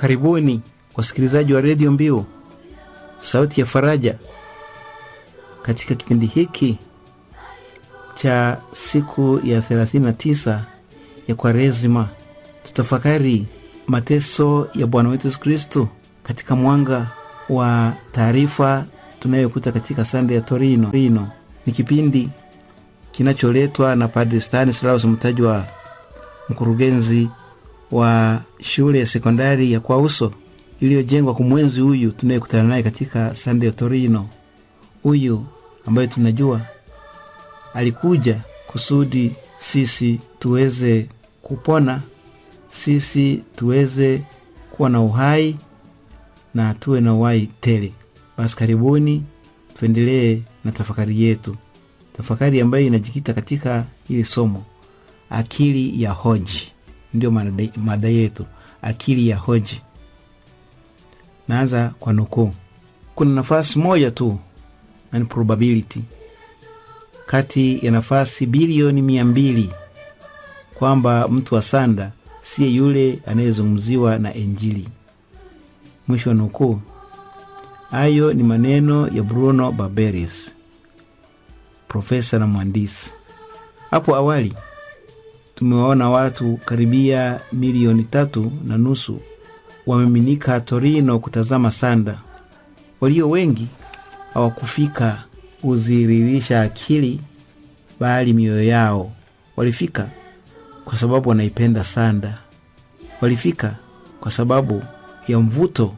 Karibuni wasikilizaji wa redio Mbiu sauti ya faraja, katika kipindi hiki cha siku ya 39 ya kwarezima tutafakari mateso ya Bwana wetu Yesu Kristu katika mwanga wa taarifa tunayokuta katika sande ya Torino. Rino. ni kipindi kinacholetwa na Padri Stanislaus Mutajwaha, mkurugenzi wa shule ya sekondari ya Kwauso iliyojengwa kumwenzi huyu tunayekutana naye katika Sande Torino. Huyu ambaye tunajua alikuja kusudi sisi tuweze kupona, sisi tuweze kuwa na uhai na tuwe na uhai tele. Basi karibuni tuendelee na tafakari yetu, tafakari ambayo inajikita katika hili somo, akili ya hoji ndio mada yetu, akili ya hoji. Naanza kwa nukuu. Kuna nafasi moja tu nani probability, kati ya nafasi bilioni mia mbili kwamba mtu wa sanda siye yule anayezungumziwa na Injili. Mwisho wa nukuu. Hayo ni maneno ya Bruno Barberis, profesa na mwandisi Hapo awali tumewaona watu karibia milioni tatu na nusu wameminika Torino kutazama sanda. Walio wengi hawakufika kuziririsha akili, bali mioyo yao. Walifika kwa sababu wanaipenda sanda, walifika kwa sababu ya mvuto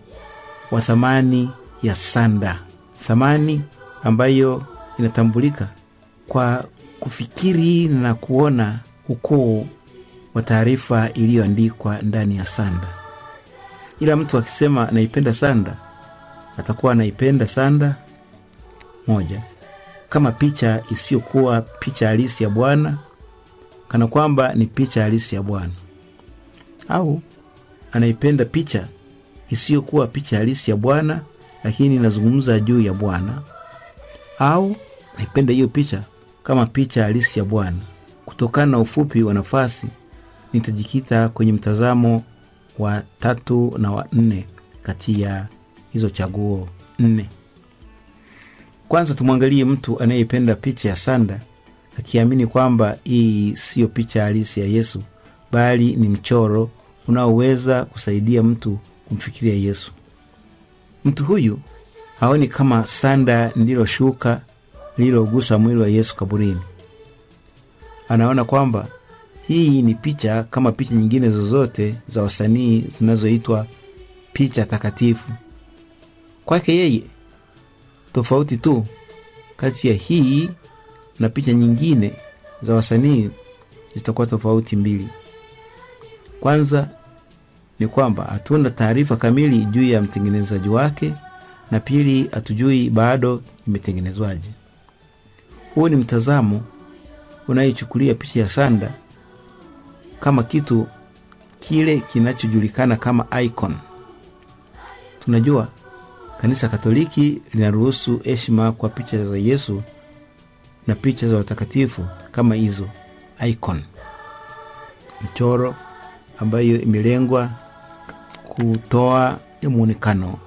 wa thamani ya sanda, thamani ambayo inatambulika kwa kufikiri na kuona ukuu wa taarifa iliyoandikwa ndani ya sanda. Ila mtu akisema naipenda sanda, atakuwa anaipenda sanda moja kama picha isiyokuwa picha halisi ya Bwana, kana kwamba ni picha halisi ya Bwana, au anaipenda picha isiyokuwa picha halisi ya Bwana, lakini inazungumza juu ya Bwana, au naipenda hiyo picha kama picha halisi ya Bwana Kutokana na ufupi wa nafasi, nitajikita kwenye mtazamo wa tatu na wa nne kati ya hizo chaguo nne. Kwanza tumwangalie mtu anayependa picha ya sanda akiamini kwamba hii siyo picha halisi ya Yesu bali ni mchoro unaoweza kusaidia mtu kumfikiria Yesu. Mtu huyu haoni kama sanda ndilo shuka lililogusa mwili wa Yesu kaburini, anaona kwamba hii ni picha kama picha nyingine zozote za wasanii zinazoitwa picha takatifu. Kwake yeye, tofauti tu kati ya hii na picha nyingine za wasanii zitakuwa tofauti mbili. Kwanza ni kwamba hatuna taarifa kamili juu ya mtengenezaji wake, na pili hatujui bado imetengenezwaje. Huu ni mtazamo unaichukulia picha ya sanda kama kitu kile kinachojulikana kama icon. Tunajua kanisa Katoliki linaruhusu heshima kwa picha za Yesu na picha za watakatifu kama hizo icon, michoro ambayo imelengwa kutoa muonekano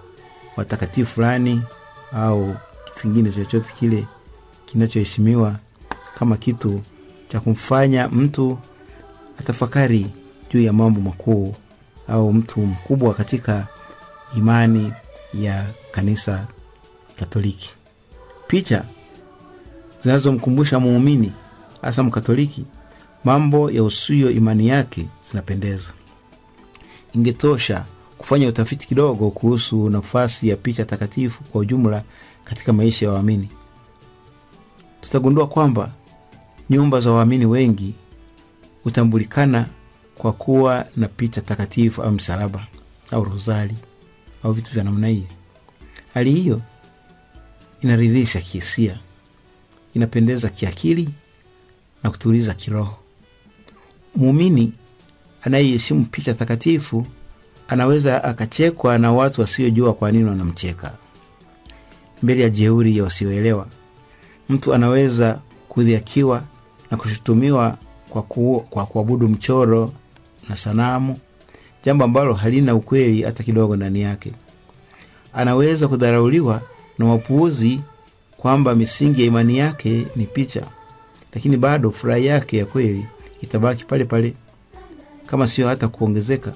watakatifu fulani au kitu kingine chochote kile kinachoheshimiwa kama kitu cha kumfanya mtu atafakari juu ya mambo makuu au mtu mkubwa katika imani ya kanisa Katoliki. Picha zinazomkumbusha muumini hasa Mkatoliki mambo ya usuyo imani yake zinapendeza. Ingetosha kufanya utafiti kidogo kuhusu nafasi ya picha takatifu kwa ujumla katika maisha ya waamini. Tutagundua kwamba Nyumba za waamini wengi hutambulikana kwa kuwa na picha takatifu au msalaba au rozali au vitu vya namna hiyo. Hali hiyo inaridhisha kihisia, inapendeza kiakili na kutuliza kiroho. Muumini anayeheshimu picha takatifu anaweza akachekwa na watu wasiojua kwa nini wanamcheka. Mbele ya jeuri ya wasioelewa, mtu anaweza kudhiakiwa na kushutumiwa kwa, ku, kwa kuabudu mchoro na sanamu, jambo ambalo halina ukweli hata kidogo ndani yake. Anaweza kudharauliwa na wapuuzi kwamba misingi ya imani yake ni picha, lakini bado furaha yake ya kweli itabaki pale pale, kama siyo hata kuongezeka,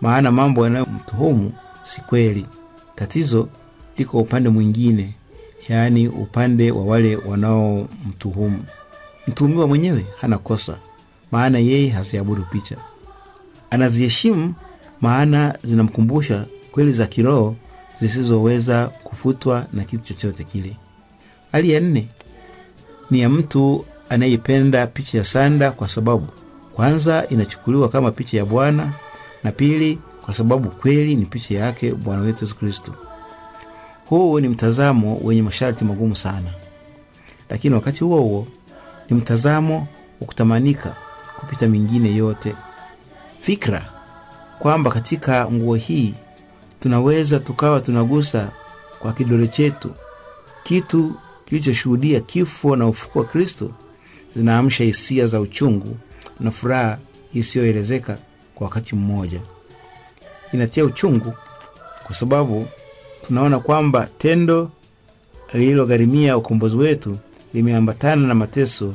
maana mambo yanayomtuhumu si kweli. Tatizo liko upande mwingine, yaani upande wa wale wanaomtuhumu. Mtuhumiwa mwenyewe hana kosa, maana yeye haziabudu picha. Anaziheshimu maana zinamkumbusha kweli za kiroho zisizoweza kufutwa na kitu chochote kile. Hali ya nne ni ya mtu anayeipenda picha ya sanda, kwa sababu kwanza inachukuliwa kama picha ya Bwana na pili, kwa sababu kweli ni picha yake Bwana wetu Yesu Kristo. Huu ni mtazamo wenye masharti magumu sana, lakini wakati huo huo ni mtazamo wa kutamanika kupita mingine yote, fikra kwamba katika nguo hii tunaweza tukawa tunagusa kwa kidole chetu kitu kilichoshuhudia kifo na ufuko wa Kristo zinaamsha hisia za uchungu na furaha isiyoelezeka kwa wakati mmoja. Inatia uchungu kwa sababu tunaona kwamba tendo lililogharimia ukombozi wetu limeambatana na mateso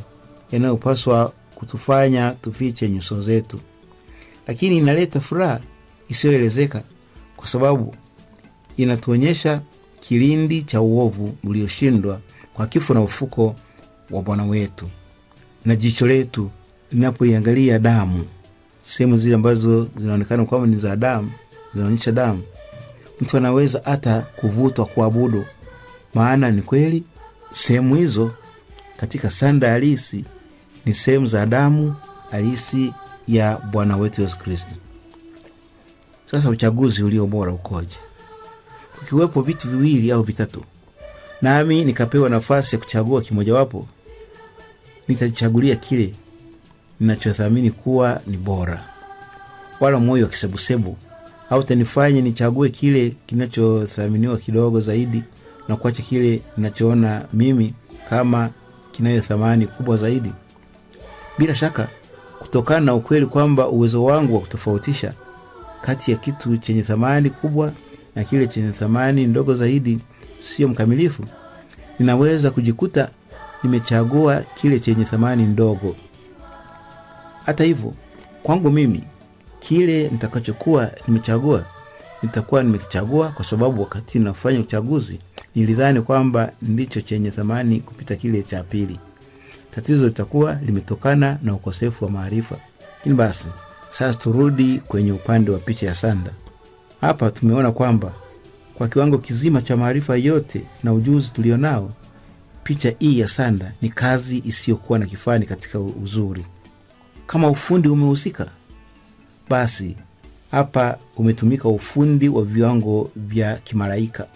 yanayopaswa kutufanya tufiche nyuso zetu, lakini inaleta furaha isiyoelezeka kwa sababu inatuonyesha kilindi cha uovu ulioshindwa kwa kifo na ufuko wa Bwana wetu. Na jicho letu linapoiangalia damu, sehemu zile ambazo zinaonekana kwamba ni za damu, zinaonyesha damu, mtu anaweza hata kuvutwa kuabudu, maana ni kweli sehemu hizo katika sanda halisi ni sehemu za damu halisi ya Bwana wetu Yesu Kristo. Sasa uchaguzi ulio bora ukoje? Kukiwepo vitu viwili au vitatu, nami nikapewa nafasi ya kuchagua kimojawapo, nitajichagulia kile ninachothamini kuwa ni bora, wala moyo wa kisebusebu tanifanye nichague kile kinachothaminiwa kidogo zaidi na kuacha kile ninachoona mimi kama kinayo thamani kubwa zaidi. Bila shaka, kutokana na ukweli kwamba uwezo wangu wa kutofautisha kati ya kitu chenye thamani kubwa na kile chenye thamani ndogo zaidi sio mkamilifu, ninaweza kujikuta nimechagua kile chenye thamani ndogo. Hata hivyo, kwangu mimi kile nitakachokuwa nimechagua nitakuwa nimekichagua kwa sababu wakati ninafanya uchaguzi nilidhani kwamba ndicho chenye thamani kupita kile cha pili. Tatizo litakuwa limetokana na ukosefu wa maarifa. Lakini basi sasa turudi kwenye upande wa picha ya sanda. Hapa tumeona kwamba kwa kiwango kizima cha maarifa yote na ujuzi tulionao, picha hii ya sanda ni kazi isiyokuwa na kifani katika uzuri. Kama ufundi umehusika, basi hapa umetumika ufundi wa viwango vya kimalaika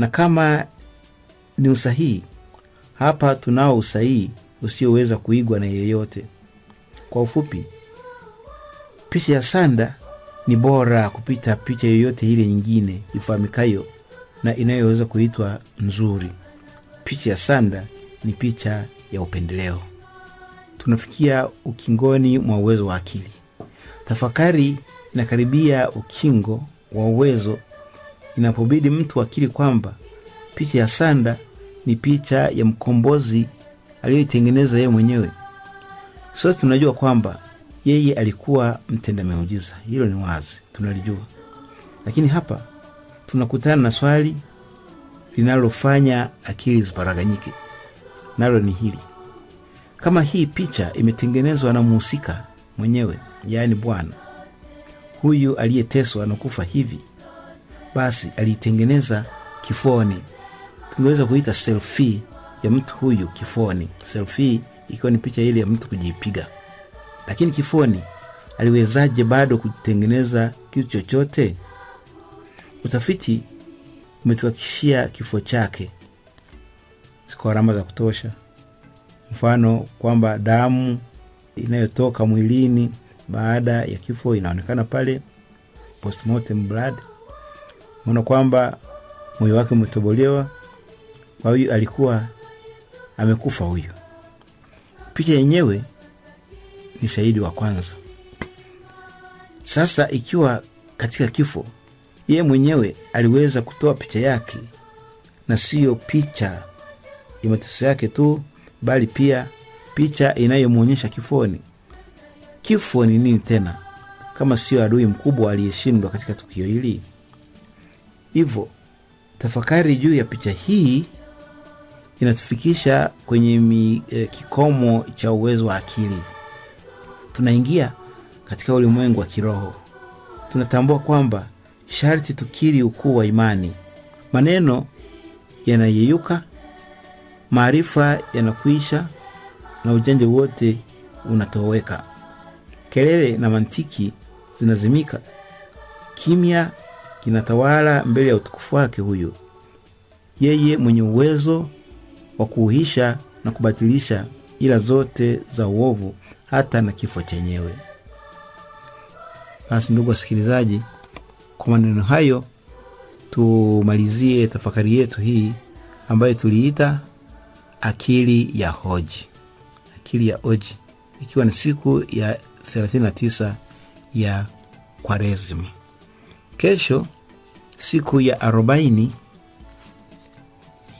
na kama ni usahihi, hapa tunao usahihi usioweza kuigwa na yeyote. Kwa ufupi, picha ya sanda ni bora kupita picha yoyote ile nyingine ifahamikayo na inayoweza kuitwa nzuri. Picha ya sanda ni picha ya upendeleo. Tunafikia ukingoni mwa uwezo wa akili. Tafakari inakaribia ukingo wa uwezo inapobidi mtu akiri kwamba picha ya sanda ni picha ya mkombozi aliyoitengeneza yeye mwenyewe. Sote tunajua kwamba yeye alikuwa mtenda miujiza, hilo ni wazi, tunalijua. Lakini hapa tunakutana na swali linalofanya akili ziparaganyike, nalo ni hili: kama hii picha imetengenezwa na muhusika mwenyewe, yaani Bwana huyu aliyeteswa na kufa hivi basi aliitengeneza kifoni, tungeweza kuita selfie ya mtu huyu kifoni, selfie ikiwa ni picha ile ya mtu kujipiga. Lakini kifoni aliwezaje bado kutengeneza kitu chochote? Utafiti umetuhakishia kifo chake si alama za kutosha, mfano kwamba damu inayotoka mwilini baada ya kifo inaonekana pale postmortem blood ona kwamba moyo wake umetobolewa, kwa hiyo alikuwa amekufa huyu. Picha yenyewe ni shahidi wa kwanza. Sasa ikiwa katika kifo yeye mwenyewe aliweza kutoa picha yake, na siyo picha ya mateso yake tu, bali pia picha inayomwonyesha kifoni. Kifo ni nini tena kama siyo adui mkubwa aliyeshindwa katika tukio hili? Hivyo tafakari juu ya picha hii inatufikisha kwenye eh, kikomo cha uwezo wa akili. Tunaingia katika ulimwengu wa kiroho. Tunatambua kwamba sharti tukiri ukuu wa imani. Maneno yanayeyuka, maarifa yanakwisha, na ujanja wote unatoweka. Kelele na mantiki zinazimika, kimya kinatawala mbele ya utukufu wake huyo, yeye mwenye uwezo wa kuuhisha na kubatilisha ila zote za uovu hata na kifo chenyewe. Basi ndugu wasikilizaji, kwa maneno hayo tumalizie tafakari yetu hii ambayo tuliita akili ya hoji, akili ya hoji, ikiwa ni siku ya 39 ya Kwaresima. Kesho siku ya arobaini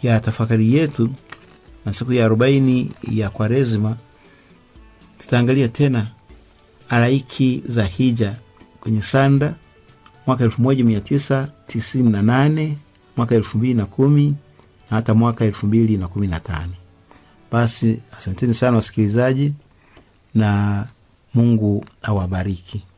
ya tafakari yetu na siku ya arobaini ya kwarezma tutaangalia tena araiki za hija kwenye sanda mwaka elfu moja mia tisa tisini na nane mwaka elfu mbili na kumi na hata mwaka elfu mbili na na kumi tano Basi asanteni sana wasikilizaji, na Mungu awabariki.